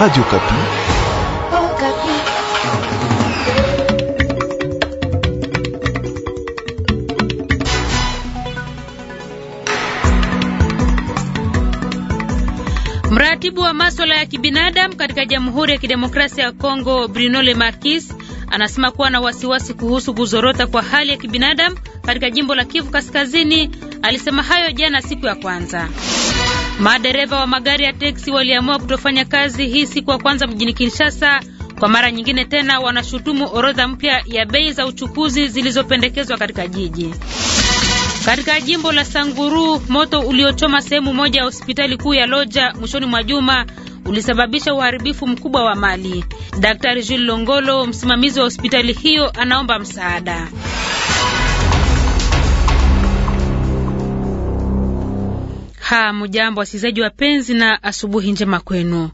Radio Okapi. Mratibu wa masuala ya kibinadamu katika Jamhuri ya Kidemokrasia ya Kongo, Bruno Le Marquis, anasema kuwa na wasiwasi kuhusu kuzorota kwa hali ya kibinadamu katika jimbo la Kivu Kaskazini. Alisema hayo jana siku ya kwanza. Madereva wa magari ya teksi waliamua kutofanya kazi hii siku ya kwanza mjini Kinshasa. Kwa mara nyingine tena wanashutumu orodha mpya ya bei za uchukuzi zilizopendekezwa katika jiji. Katika jimbo la Sanguru, moto uliochoma sehemu moja ya hospitali kuu ya Loja mwishoni mwa juma ulisababisha uharibifu mkubwa wa mali. Daktari Jules Longolo, msimamizi wa hospitali hiyo, anaomba msaada. Hamujambo wasikilizaji wapenzi, na asubuhi njema kwenu.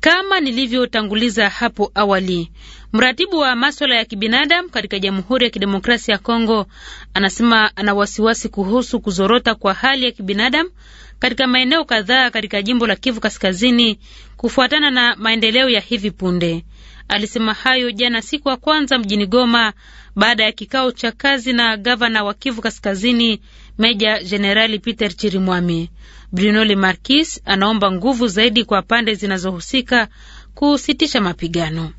Kama nilivyotanguliza hapo awali, mratibu wa maswala ya kibinadamu katika Jamhuri ya Kidemokrasia ya Kongo anasema ana wasiwasi kuhusu kuzorota kwa hali ya kibinadamu katika maeneo kadhaa katika jimbo la Kivu Kaskazini kufuatana na maendeleo ya hivi punde. Alisema hayo jana siku ya kwanza mjini Goma baada ya kikao cha kazi na gavana wa Kivu Kaskazini, Meja Jenerali Peter Chirimwami. Bruno Le Marquis anaomba nguvu zaidi kwa pande zinazohusika kusitisha mapigano.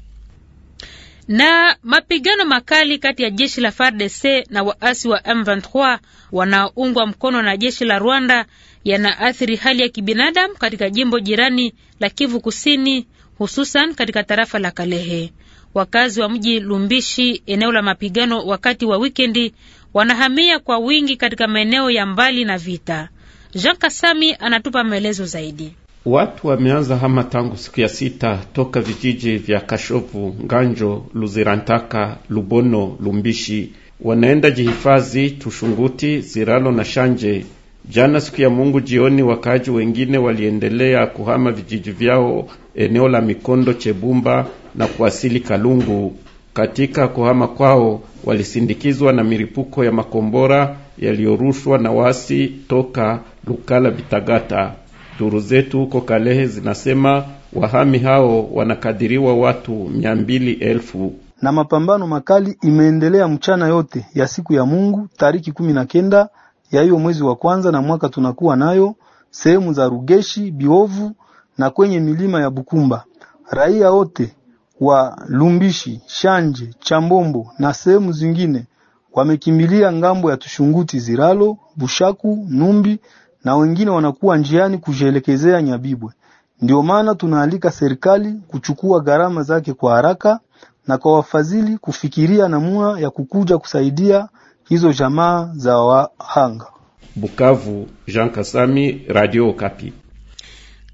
Na mapigano makali kati ya jeshi la FARDC na waasi wa M23 wanaoungwa mkono na jeshi la Rwanda yanaathiri hali ya kibinadamu katika jimbo jirani la Kivu Kusini, hususan katika tarafa la Kalehe. Wakazi wa mji Lumbishi, eneo la mapigano wakati wa wikendi, wanahamia kwa wingi katika maeneo ya mbali na vita. Jean Kasami anatupa maelezo zaidi. Watu wameanza hama tangu siku ya sita toka vijiji vya Kashovu, Nganjo, Luzirantaka, Lubono, Lumbishi, wanaenda jihifadhi Tushunguti, Ziralo na Shanje. Jana siku ya Mungu jioni, wakaaji wengine waliendelea kuhama vijiji vyao eneo la Mikondo, Chebumba na kuwasili Kalungu. Katika kuhama kwao walisindikizwa na milipuko ya makombora yaliyorushwa na wasi toka Lukala Bitagata. Duru zetu huko Kalehe zinasema wahami hao wanakadiriwa watu mia mbili elfu na mapambano makali imeendelea mchana yote ya siku ya Mungu tariki kumi na kenda ya hiyo mwezi wa kwanza na mwaka tunakuwa nayo sehemu za Rugeshi, Biovu na kwenye milima ya Bukumba. Raia wote wa Lumbishi, Shanje, Chambombo na sehemu zingine wamekimbilia ngambo ya Tushunguti, Ziralo, Bushaku, Numbi na wengine wanakuwa njiani kujielekezea Nyabibwe. Ndio maana tunaalika serikali kuchukua gharama zake kwa haraka na kwa wafadhili kufikiria namna ya kukuja kusaidia hizo jamaa za wahanga. Bukavu, Jean Kasami, Radio Kapi.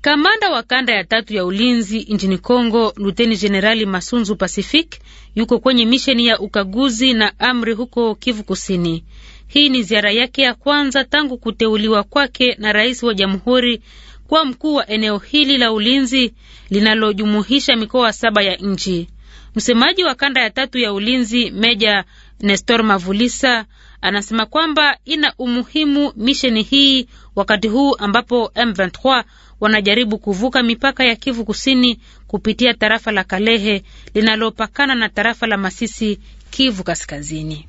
Kamanda wa kanda ya tatu ya ulinzi nchini Kongo, Luteni Jenerali Masunzu Pacific yuko kwenye misheni ya ukaguzi na amri huko Kivu Kusini. Hii ni ziara yake ya kwanza tangu kuteuliwa kwake na rais wa jamhuri kuwa mkuu wa eneo hili la ulinzi linalojumuisha mikoa saba ya nchi. Msemaji wa kanda ya tatu ya ulinzi Meja Nestor Mavulisa anasema kwamba ina umuhimu misheni hii wakati huu ambapo M23 wanajaribu kuvuka mipaka ya Kivu Kusini kupitia tarafa la Kalehe linalopakana na tarafa la Masisi, Kivu Kaskazini.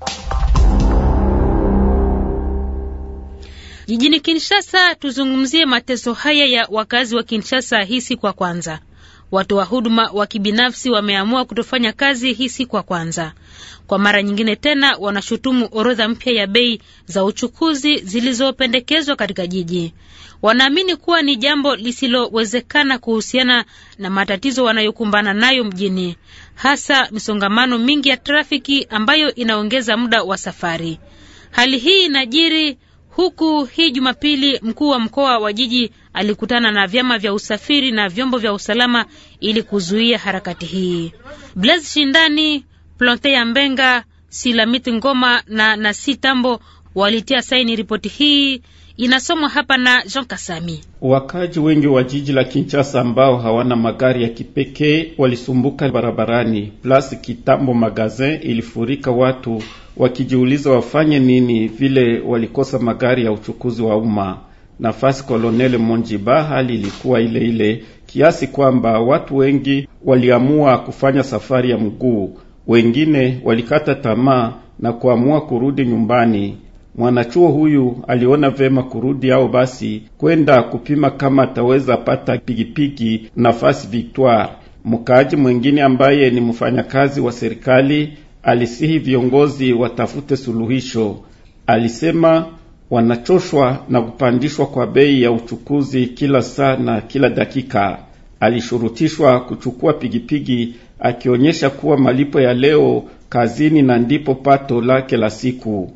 Jijini Kinshasa, tuzungumzie mateso haya ya wakazi wa Kinshasa hii siku ya kwanza. watu wa huduma wa kibinafsi wameamua kutofanya kazi hii siku ya kwanza. Kwa mara nyingine tena, wanashutumu orodha mpya ya bei za uchukuzi zilizopendekezwa katika jiji. Wanaamini kuwa ni jambo lisilowezekana kuhusiana na matatizo wanayokumbana nayo mjini, hasa misongamano mingi ya trafiki ambayo inaongeza muda wa safari. Hali hii inajiri Huku hii Jumapili mkuu wa mkoa wa jiji alikutana na vyama vya usafiri na vyombo vya usalama ili kuzuia harakati hii. Blaise Shindani, Plante ya Mbenga, Silamiti Ngoma na Nasi Tambo walitia saini ripoti hii inasomwa hapa na Jean Kasami. Wakaji wengi wa jiji la Kinshasa ambao hawana magari ya kipekee walisumbuka barabarani. Plasi Kitambo Magazin ilifurika watu wakijiuliza wafanye nini, vile walikosa magari ya uchukuzi wa umma. Nafasi colonel Monjiba, hali ilikuwa ile ile kiasi kwamba watu wengi waliamua kufanya safari ya mguu, wengine walikata tamaa na kuamua kurudi nyumbani. Mwanachuo huyu aliona vema kurudi au basi kwenda kupima kama ataweza pata pigipigi nafasi Victoire. Mkaaji mwingine ambaye ni mfanyakazi wa serikali alisihi viongozi watafute suluhisho. Alisema wanachoshwa na kupandishwa kwa bei ya uchukuzi kila saa na kila dakika. Alishurutishwa kuchukua pigipigi, akionyesha kuwa malipo ya leo kazini na ndipo pato lake la siku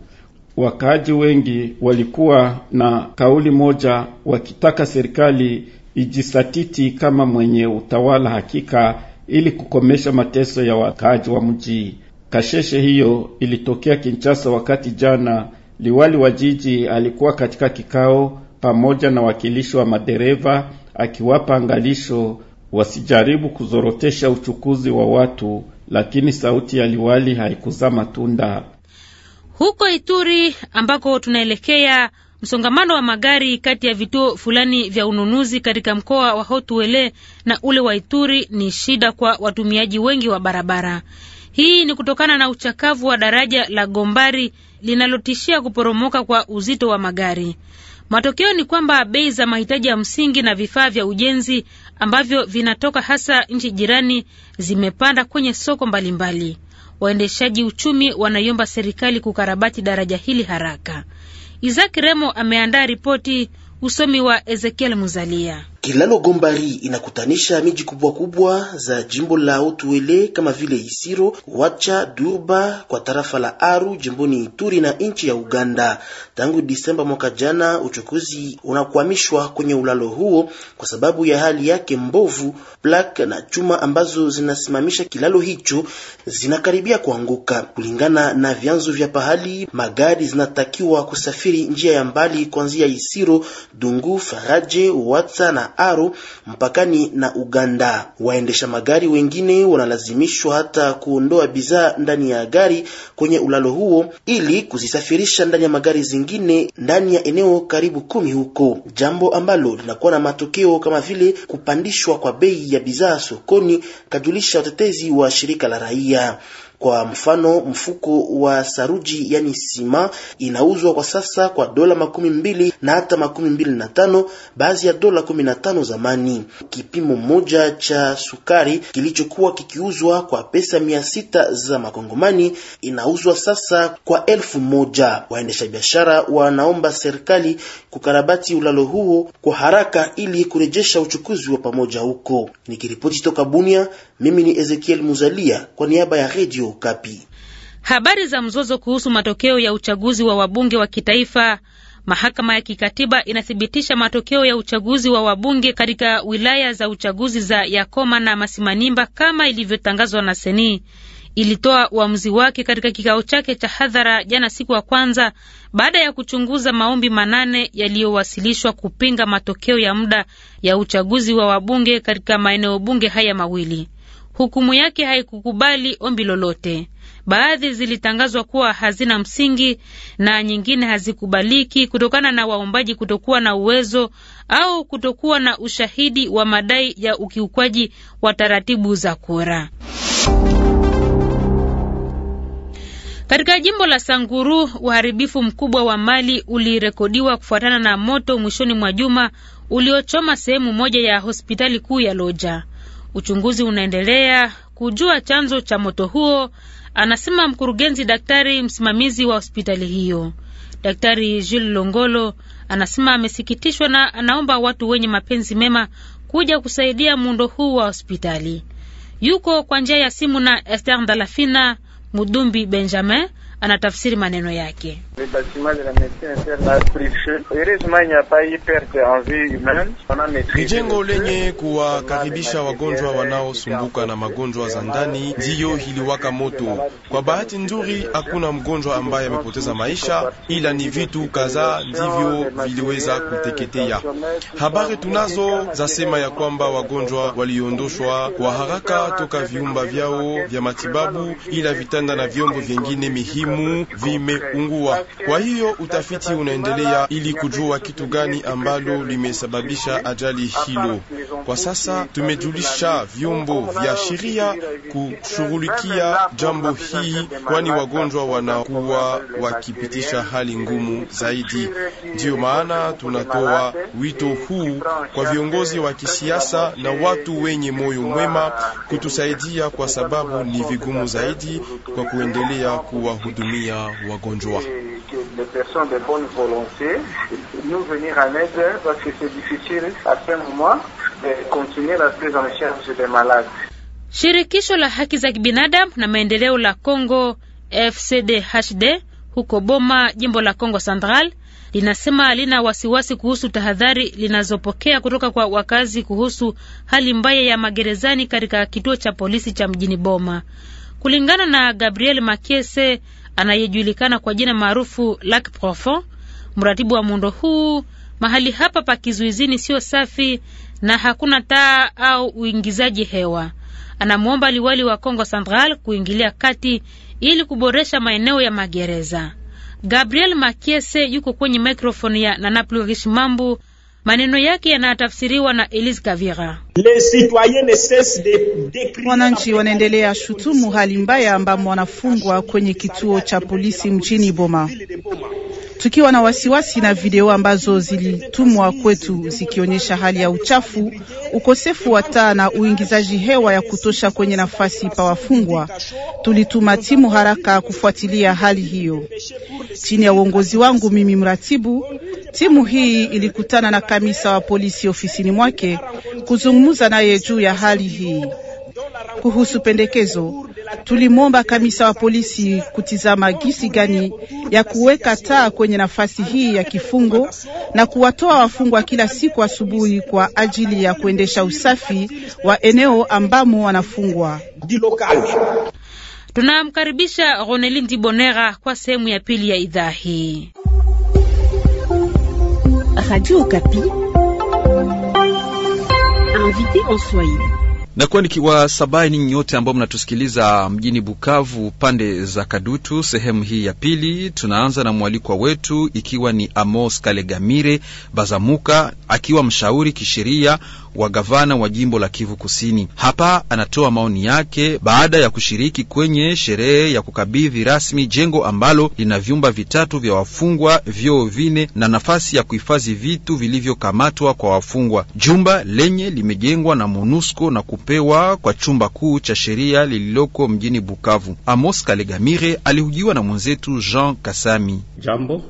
wakaaji wengi walikuwa na kauli moja wakitaka serikali ijisatiti kama mwenye utawala hakika ili kukomesha mateso ya wakaaji wa mji. Kasheshe hiyo ilitokea Kinshasa wakati jana liwali wa jiji alikuwa katika kikao pamoja na wakilishi wa madereva akiwapa angalisho wasijaribu kuzorotesha uchukuzi wa watu, lakini sauti ya liwali haikuzaa matunda. Huko Ituri ambako tunaelekea, msongamano wa magari kati ya vituo fulani vya ununuzi katika mkoa wa Hotuele na ule wa Ituri ni shida kwa watumiaji wengi wa barabara. Hii ni kutokana na uchakavu wa daraja la Gombari linalotishia kuporomoka kwa uzito wa magari. Matokeo ni kwamba bei za mahitaji ya msingi na vifaa vya ujenzi ambavyo vinatoka hasa nchi jirani zimepanda kwenye soko mbalimbali mbali waendeshaji uchumi wanaiomba serikali kukarabati daraja hili haraka. Isaac Remo ameandaa ripoti, usomi wa Ezekiel Muzalia. Kilalo Gombari inakutanisha miji kubwa kubwa za jimbo la Otuele kama vile Isiro, Wacha, Durba kwa tarafa la Aru jimboni Ituri na nchi ya Uganda. Tangu Disemba mwaka jana, uchukuzi unakwamishwa kwenye ulalo huo kwa sababu ya hali yake mbovu. Plaka na chuma ambazo zinasimamisha kilalo hicho zinakaribia kuanguka. Kulingana na vyanzo vya pahali, magari zinatakiwa kusafiri njia ya mbali kuanzia Isiro, Dungu, Faraje, Wacha na Aru mpakani na Uganda. Waendesha magari wengine wanalazimishwa hata kuondoa bidhaa ndani ya gari kwenye ulalo huo ili kuzisafirisha ndani ya magari zingine ndani ya eneo karibu kumi huko, jambo ambalo linakuwa na matokeo kama vile kupandishwa kwa bei ya bidhaa sokoni, kajulisha watetezi wa shirika la raia. Kwa mfano mfuko wa saruji yani sima inauzwa kwa sasa kwa dola makumi mbili na hata makumi mbili na tano baadhi ya dola kumi na tano zamani. Kipimo moja cha sukari kilichokuwa kikiuzwa kwa pesa mia sita za makongomani inauzwa sasa kwa elfu moja. Waendesha biashara wanaomba serikali kukarabati ulalo huo kwa haraka ili kurejesha uchukuzi wa pamoja huko. Nikiripoti toka Bunia. Mimi ni Ezekiel Muzalia kwa niaba ya Radio Kapi. Habari za mzozo kuhusu matokeo ya uchaguzi wa wabunge wa kitaifa. Mahakama ya kikatiba inathibitisha matokeo ya uchaguzi wa wabunge katika wilaya za uchaguzi za Yakoma na Masimanimba kama ilivyotangazwa na Seni. Ilitoa uamuzi wake katika kikao chake cha hadhara jana siku ya kwanza baada ya kuchunguza maombi manane yaliyowasilishwa kupinga matokeo ya muda ya uchaguzi wa wabunge katika maeneo bunge haya mawili hukumu yake haikukubali ombi lolote. Baadhi zilitangazwa kuwa hazina msingi na nyingine hazikubaliki kutokana na waombaji kutokuwa na uwezo au kutokuwa na ushahidi wa madai ya ukiukwaji wa taratibu za kura. Katika jimbo la Sanguru, uharibifu mkubwa wa mali ulirekodiwa kufuatana na moto mwishoni mwa juma uliochoma sehemu moja ya hospitali kuu ya Loja. Uchunguzi unaendelea kujua chanzo cha moto huo, anasema mkurugenzi daktari msimamizi wa hospitali hiyo. Daktari Jules Longolo anasema amesikitishwa na anaomba watu wenye mapenzi mema kuja kusaidia muundo huu wa hospitali. Yuko kwa njia ya simu na Esther dalafina Mudumbi Benjamin anatafsiri maneno yake. Ni jengo lenye kuwakaribisha wagonjwa wanaosumbuka na magonjwa za ndani, ndiyo iliwaka moto. Kwa bahati nzuri, hakuna mgonjwa ambaye amepoteza maisha, ila ni vitu kadhaa ndivyo viliweza kuteketea. Habari tunazo zasema ya kwamba wagonjwa waliondoshwa kwa haraka toka viumba vyao vya matibabu, ila vitanda na vyombo vyengine muhimu elimu vimeungua. Kwa hiyo utafiti unaendelea ili kujua kitu gani ambalo limesababisha ajali hilo. Kwa sasa tumejulisha vyombo vya sheria kushughulikia jambo hii, kwani wagonjwa wanakuwa wakipitisha hali ngumu zaidi. Ndiyo maana tunatoa wito huu kwa viongozi wa kisiasa na watu wenye moyo mwema kutusaidia, kwa sababu ni vigumu zaidi kwa kuendelea kuwahudumia kuhudumia wagonjwa. Shirikisho la haki za kibinadamu na maendeleo la Congo FCDHD huko Boma, jimbo la Congo Central linasema lina wasiwasi kuhusu tahadhari linazopokea kutoka kwa wakazi kuhusu hali mbaya ya magerezani katika kituo cha polisi cha mjini Boma. Kulingana na Gabriel Makiese, anayejulikana kwa jina maarufu Lac Profond, mratibu wa muundo huu. Mahali hapa pa kizuizini sio safi na hakuna taa au uingizaji hewa. Anamwomba liwali wa Congo Central kuingilia kati ili kuboresha maeneo ya magereza. Gabriel Makiese yuko kwenye mikrofoni ya Nanaplurish Mambu. Maneno yake yanatafsiriwa na Elise Kavira. Wananchi wanaendelea shutumu hali mbaya ambamo wanafungwa kwenye kituo cha polisi mjini Boma tukiwa na wasiwasi na video ambazo zilitumwa kwetu zikionyesha hali ya uchafu, ukosefu wa taa na uingizaji hewa ya kutosha kwenye nafasi pa wafungwa. Tulituma timu haraka kufuatilia hali hiyo. Chini ya uongozi wangu mimi mratibu, timu hii ilikutana na kamisa wa polisi ofisini mwake kuzungumza naye juu ya hali hii. Kuhusu pendekezo, Tulimwomba kamisa wa polisi kutizama gisi gani ya kuweka taa kwenye nafasi hii ya kifungo na kuwatoa wafungwa kila siku asubuhi kwa ajili ya kuendesha usafi wa eneo ambamo wanafungwa. Tunamkaribisha Ronelin Dibonera kwa sehemu ya pili ya idhaa hii. Radio Okapi. Invité en Swahili. Nakuwa nikiwasabai ninyi nyote ambao mnatusikiliza mjini Bukavu, pande za Kadutu. Sehemu hii ya pili tunaanza na mwalikwa wetu, ikiwa ni Amos Kalegamire Bazamuka, akiwa mshauri kisheria wa gavana wa jimbo la Kivu Kusini. Hapa anatoa maoni yake baada ya kushiriki kwenye sherehe ya kukabidhi rasmi jengo ambalo lina vyumba vitatu vya wafungwa, vyoo vine na nafasi ya kuhifadhi vitu vilivyokamatwa kwa wafungwa. Jumba lenye limejengwa na MONUSCO na kupewa kwa chumba kuu cha sheria lililoko mjini Bukavu. Amos Kalegamire alihujiwa na mwenzetu Jean Kasami. Jambo,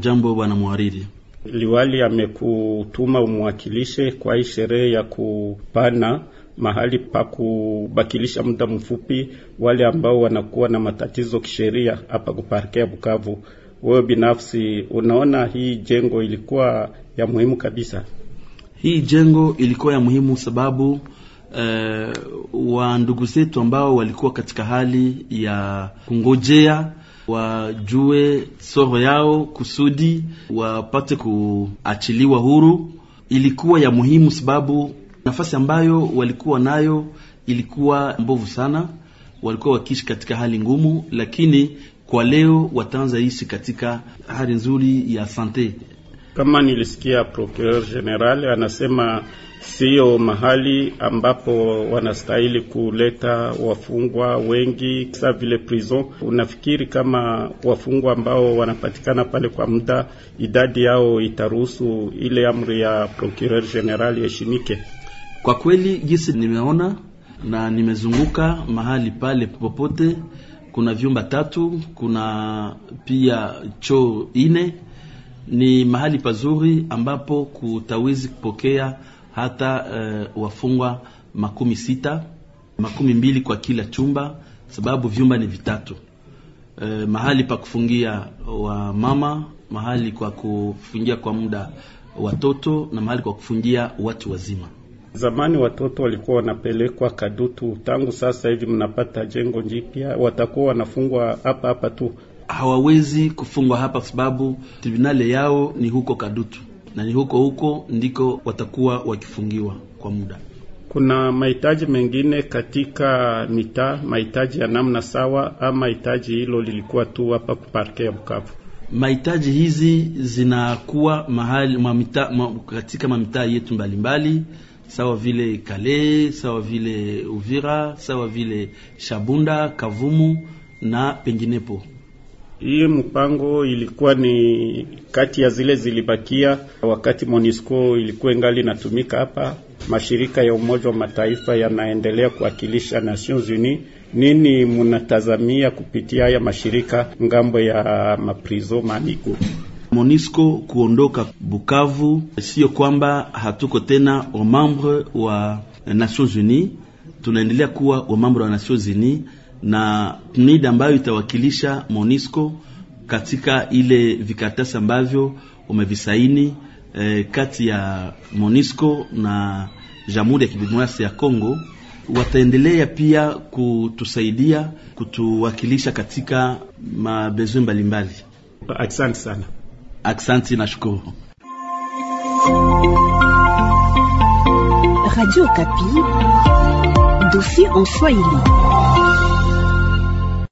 jambo bwana mhariri. Liwali amekutuma umwakilishe kwa hii sherehe ya kupana mahali pa kubakilisha muda mfupi wale ambao wanakuwa na matatizo kisheria hapa kuparkea Bukavu. Wewe binafsi unaona hii jengo ilikuwa ya muhimu kabisa? Hii jengo ilikuwa ya muhimu sababu uh, wa ndugu zetu ambao walikuwa katika hali ya kungojea wajue soro yao kusudi wapate kuachiliwa huru. Ilikuwa ya muhimu sababu nafasi ambayo walikuwa nayo ilikuwa mbovu sana, walikuwa wakiishi katika hali ngumu, lakini kwa leo wataanza ishi katika hali nzuri ya sante. Kama nilisikia procureur general anasema siyo mahali ambapo wanastahili kuleta wafungwa wengi sa vile prison. Unafikiri kama wafungwa ambao wanapatikana pale kwa muda, idadi yao itaruhusu ile amri ya procureur general iheshimike? Kwa kweli, jinsi nimeona na nimezunguka mahali pale, popote kuna vyumba tatu, kuna pia choo ine ni mahali pazuri ambapo kutawezi kupokea hata uh, wafungwa makumi sita makumi mbili kwa kila chumba, sababu vyumba ni vitatu. Uh, mahali pa kufungia wa mama, mahali kwa kufungia kwa muda watoto na mahali kwa kufungia watu wazima. Zamani watoto walikuwa wanapelekwa Kadutu, tangu sasa hivi mnapata jengo jipya, watakuwa wanafungwa hapa hapa tu hawawezi kufungwa hapa, kwa sababu tribunale yao ni huko Kadutu na ni huko huko ndiko watakuwa wakifungiwa kwa muda. Kuna mahitaji mengine katika mitaa, mahitaji ya namna sawa, ama hitaji hilo lilikuwa tu hapa kuparke ya Bukavu? Mahitaji hizi zinakuwa mahali mamita, ma, katika mamitaa yetu mbalimbali mbali, sawa vile Kale, sawa vile Uvira, sawa vile Shabunda, Kavumu na penginepo. Hii mpango ilikuwa ni kati ya zile zilibakia wakati MONUSCO ilikuwa ingali inatumika hapa. Mashirika ya Umoja wa Mataifa yanaendelea kuwakilisha Nations Unies. Nini munatazamia kupitia haya mashirika ngambo ya maprizo maamigo? MONUSCO kuondoka Bukavu, sio kwamba hatuko tena wamambre wa Nations Unies, tunaendelea kuwa wamambre wa Nations Unies na PNID ambayo itawakilisha MONUSCO katika ile vikaratasi ambavyo umevisaini e, kati ya MONUSCO na Jamhuri ya Kidemokrasia ya Kongo. Wataendelea pia kutusaidia kutuwakilisha katika mabezwi mbalimbali. Asante sana. Asante na shukuru. Radio Kapi, dossier en Swahili.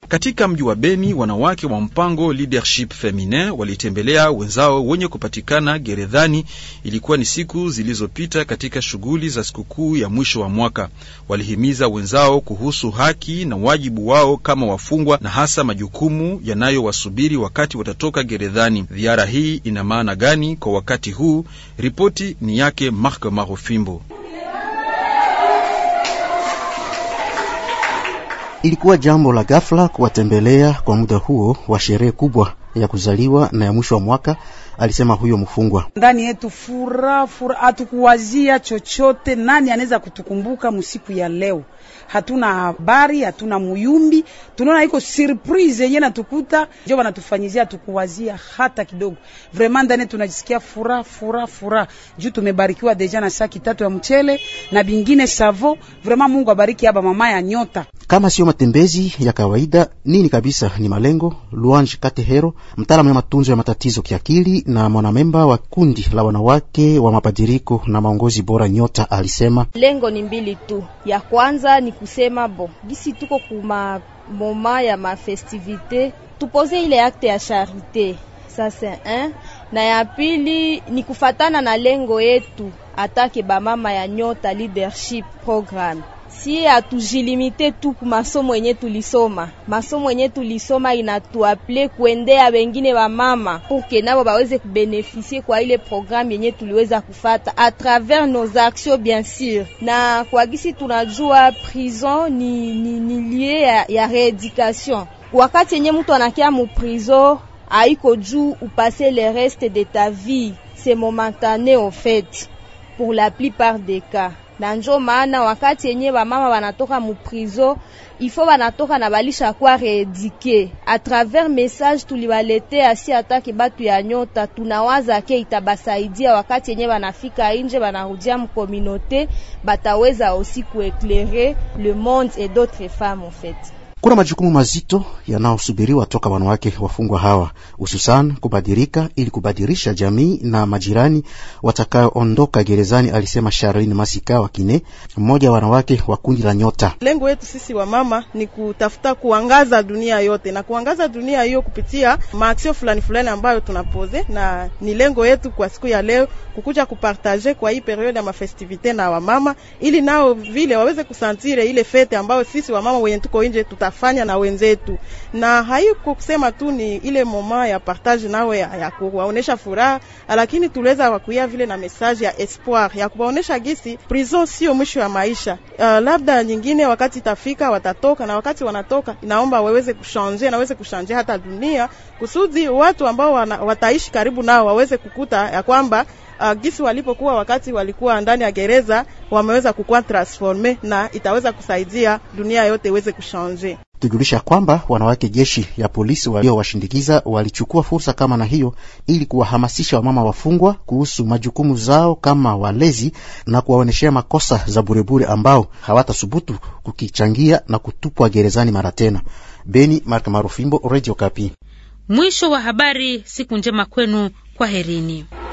Katika mji wa Beni, wanawake wa mpango Leadership Feminin walitembelea wenzao wenye kupatikana gerezani. Ilikuwa ni siku zilizopita katika shughuli za sikukuu ya mwisho wa mwaka. Walihimiza wenzao kuhusu haki na wajibu wao kama wafungwa na hasa majukumu yanayowasubiri wakati watatoka gerezani. Ziara hii ina maana gani kwa wakati huu? Ripoti ni yake Mark Marofimbo. Ilikuwa jambo la ghafla kuwatembelea kwa muda huo wa sherehe kubwa ya kuzaliwa na ya mwisho wa mwaka, alisema huyo mfungwa. Ndani yetu furaha fura, hatukuwazia chochote, nani anaweza kutukumbuka msiku ya leo? Hatuna habari, hatuna muyumbi, tunaona iko surprise yenyewe natukuta, ndio wanatufanyizia, hatukuwazia hata kidogo. Vraiment ndani tunajisikia furaha furaha furaha juu tumebarikiwa deja na saki tatu ya mchele na bingine savo. Vraiment Mungu abariki hapa mama ya nyota kama sio matembezi ya kawaida. Nini kabisa ni malengo Luange Katehero, mtaalamu ya matunzo ya matatizo kiakili na mwanamemba wa kundi la wanawake wa mabadiriko na maongozi bora Nyota, alisema lengo ni mbili tu. Ya kwanza ni kusema bo gisi tuko kuma moma ya mafestivite tupoze ile akte ya charite sasa eh? na ya pili ni kufatana na lengo yetu atake bamama ya Nyota leadership program sie hatujilimite tu kumasomo yenye tulisoma. Masomo yenye tulisoma inatuaple kuendea wengine wa mama purke nabo baweze kubenefisie kwa ile programu yenye tuliweza kufata a travers nos actions bien sûr. na kwa gisi tunajua prison ni, ni, ni lie ya, ya reeducation. Wakati yenye mtu anakia muprizo aiko juu upase le reste de ta vie, c'est momentané en fait pour la plupart des cas na njo maana wakati yenye bamama banatoka muprizo ifo banatoka na balisha kwa reedike a travers message tulibaletea, si atake batu ya nyota, tunawaza ke itabasaidia wakati yenye banafika inje banarudia mukomunote, bataweza osi kueklere le monde et d'autres femmes en fait. Kuna majukumu mazito yanayosubiriwa toka wanawake wafungwa hawa, hususan kubadilika ili kubadilisha jamii na majirani watakaoondoka gerezani, alisema Charlene Masika Wakine, mmoja wa wanawake wa kundi la Nyota. Lengo yetu sisi wamama ni kutafuta kuangaza dunia yote na kuangaza dunia hiyo kupitia maaksio fulani fulani ambayo tunapoze, na ni lengo yetu kwa siku ya leo kukuja kupartaje kwa hii periode ya mafestivite na wamama, ili nao vile waweze kusantire ile fete ambayo sisi wamama wenye tuko nje tuta tutafanya na wenzetu, na haiko kusema tu ni ile moma ya partage nawe ya ya kuwaonesha furaha, lakini tuliweza wakuia vile na message ya espoir ya kuwaonesha gisi prison sio mwisho ya maisha. Uh, labda nyingine wakati itafika watatoka, na wakati wanatoka naomba waweze kushanje na waweze kushanje hata dunia kusudi watu ambao wana, wataishi karibu nao waweze kukuta ya kwamba Uh, gisi walipokuwa wakati walikuwa ndani ya gereza wameweza kukuwa transforme na itaweza kusaidia dunia yote iweze kushanje tujulisha kwamba wanawake jeshi ya polisi waliowashindikiza walichukua fursa kama na hiyo ili kuwahamasisha wamama wafungwa kuhusu majukumu zao kama walezi na kuwaoneshea makosa za burebure ambao hawatasubutu kukichangia na kutupwa gerezani mara tena. Beni, Mark Marufimbo, Radio Kapi. Mwisho wa habari. Siku njema kwenu, kwaherini.